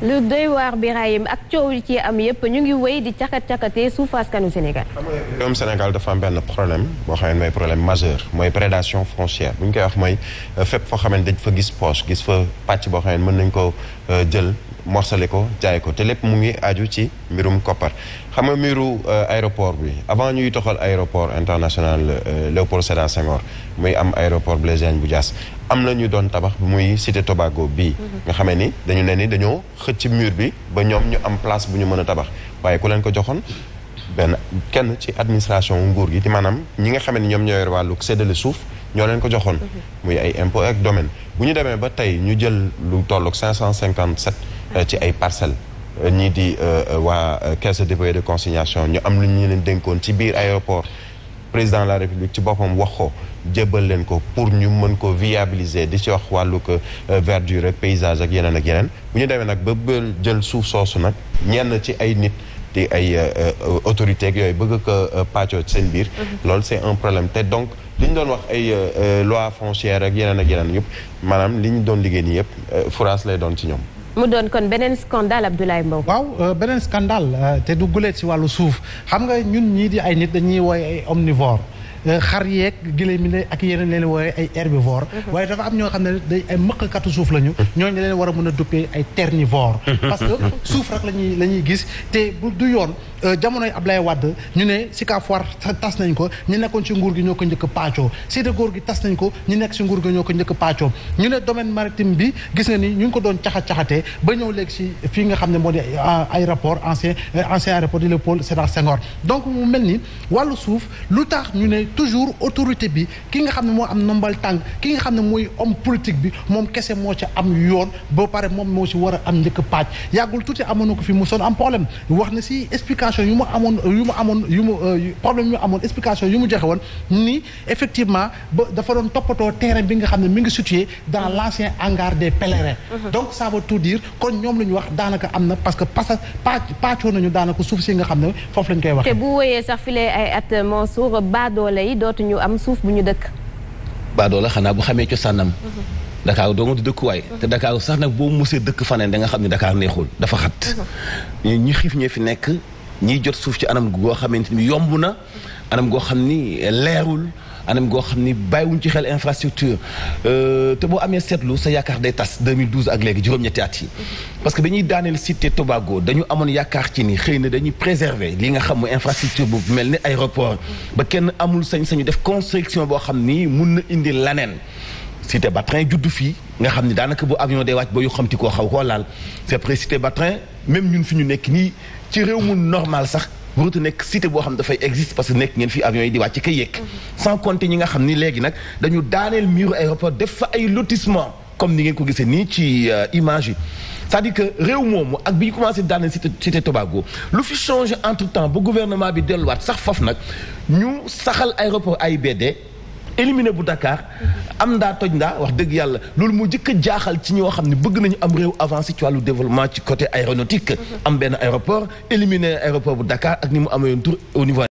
lu doy waar Birahim ak coow li ci am yëpp ñu ngi wéy di cakat cakatee suuf askanu Sénégal. réewum Sénégal dafa am benn problème boo xam ne mooy problème majeur mooy prédation foncière bu ñu koy wax mooy euh, fépp foo xam ne fa gis poche gis fa pàcc boo xam ne mën nañ ko euh, jël morcelé ko jaay ko te lépp mu ngi aju ci mbirum koppar. xam nga mbiru euh, aéroport bi avant ñuy toxal aéroport international Léopold Sédar Senghor muy am aéroport Blaise Diagne bu jaas am na ñu doon tabax muy cité Tobago bii. nga xamee ni dañu ne ni dañoo xëcc mur bi ba ñoom ñu am place bu ñu mën a tabax waaye ku leen ko joxoon benn kenn ci administration nguur gi ci maanaam ñi nga xamee ni ñoom ñoo yor wàllu séddale suuf ñoo leen ko joxoon. muy ay impôt ak domaine bu ñu demee ba tey ñu jël lu tollook 557 euh, ci ay parcelles. Euh, ñii di euh, waa caisse de dépôt et de consignation ñu am lu ñu leen dénkoon ci biir aéroport. président de la république ci boppam wax ko jébbal leen ko pour ñu mën ko viabiliser di ci wax wàllu ko euh, verdure ak paysage ak yeneen ak yeneen bu ñu demee nag ba jël suuf soosu nag ñenn ci ay nit di ay euh, euh, autorité ak yooyu bëgg ko pàccoo seen biir mhm. loolu c'est un problème te donc li ñu doon wax ay loi foncière ak yeneen ak yeneen yëpp maanaam li ñu doon liggéey nii yëpp fourage lay doon ci ñoom mu doon kon beneen scandale Abdoulaye mbaw waaw euh, beneen scandale euh, te du guleet si wàllu suuf xam nga ñun ñii di ay nit dañuy woy ay omnivore euh, xar yeeg gileem ne ak yeneen leen woowee ay herbivore mhm. waaye dafa am ñoo xam ne day ay mëqkatu suuf lañu. Mhm. ñooñu leen war a mën a duppee ay ternivore mhm. parce que suuf rek la ñuy la ñuy gis te bu du yoon. Euh, jamonoy Ablaye Wade ñu ne Sicap Foire tas nañ ko ñu nekkoon ci nguur gi ñoo ko njëkk paacoo Cité Góor gi tas nañ ko ñu nekk ci nguur gi ñoo ko njëkk paacoo ñu ne domaine maritime bi gis nga ni ñu ngi ko doon caxa caxatee ba ñëw léegi ci fii nga xam ne moo di euh, aéroport ancien euh, ancien aéroport di Léopold Sédar Senghor donc mu mel ni wàllu suuf lu tax ñu ne toujours autorité bi ki nga xam ne moo am nombal tànk ki nga xam ne mooy homme politique bi moom kese moo ci am yoon ba pare moom moo ci war a am njëkk paaj yàggul tuuti amoon na ko fi mu son am problème wax na ci explication explication yu mu amoon yu mu amoon yu euh, yu mu explication yu mu joxe woon ni effectivement ba dafa doon toppatoo terrain bi nga xam ne mi ngi situé dans mhm. l' ancien hangar des pèlerins mhm. donc ça tout dire kon ñoom la ñu wax daanaka am na parce que pasa paa paacoo nañu daanaka suuf si nga xam ne foofu lañ koy waxee te bu wéyee sax file ay at euh, Mansour baadoole yi dootuñu am suuf bu ñu dëkk baadoole xanaa bu xamee cosaanam mhm. Dakar doo nga dëkkuwaay te Dakar sax nag boo mosee dëkk faneen da nga xam ne Dakar neexul dafa xat ñi ñiy jot suuf ci anam goo xamante ni yomb na anam goo xam ni leerul anam goo xam ni bàyyiwuñ ci xel infrastructure euh, te boo amee seetlu sa yaakaar day tas 2012 ak léegi juróom-ñetti at yi parce que bi ñuy daaneel cité Tobago dañu amoon yaakaar ci ni xëy na dañuy préserver li nga xam mooy infrastructure bu mel ni aéroport ba kenn amul sañ-sañu def construction boo xam ni mun na indi laneen cité Batrin juddu fii nga xam ni daanaka bu avion day wàcc ba yu xamti koo xaw koo laal c'est après cité Batrin même ñun fi ñu nekk nii ci réew mu normal sax waratu nekk cité boo xam dafay existe parce que nekk ngeen fi avion yi di wàcc kay yegg. Mhm. sans compter ñi nga xam ni léegi nag dañu daaneel mur aéroport def fa ay lotissement comme ni ngeen ko gisee nii ci euh, image yi cest dire que réew moomu ak bi ñu commencé daaneel cité cité Tobago lu fi changé entre ba gouvernement bi delluwaat sax foofu nag ñu saxal aéroport AIBD éliminé bu Dakar am ndaa toj ndaa wax dëgg yàlla loolu moo jëkk jaaxal ci ñoo xam ne bëgg nañu am réew avancé ci wàllu développement ci côté aéronautique am benn aéroport éliminé aéroport bu Dakar ak ni mu amee woon au niveau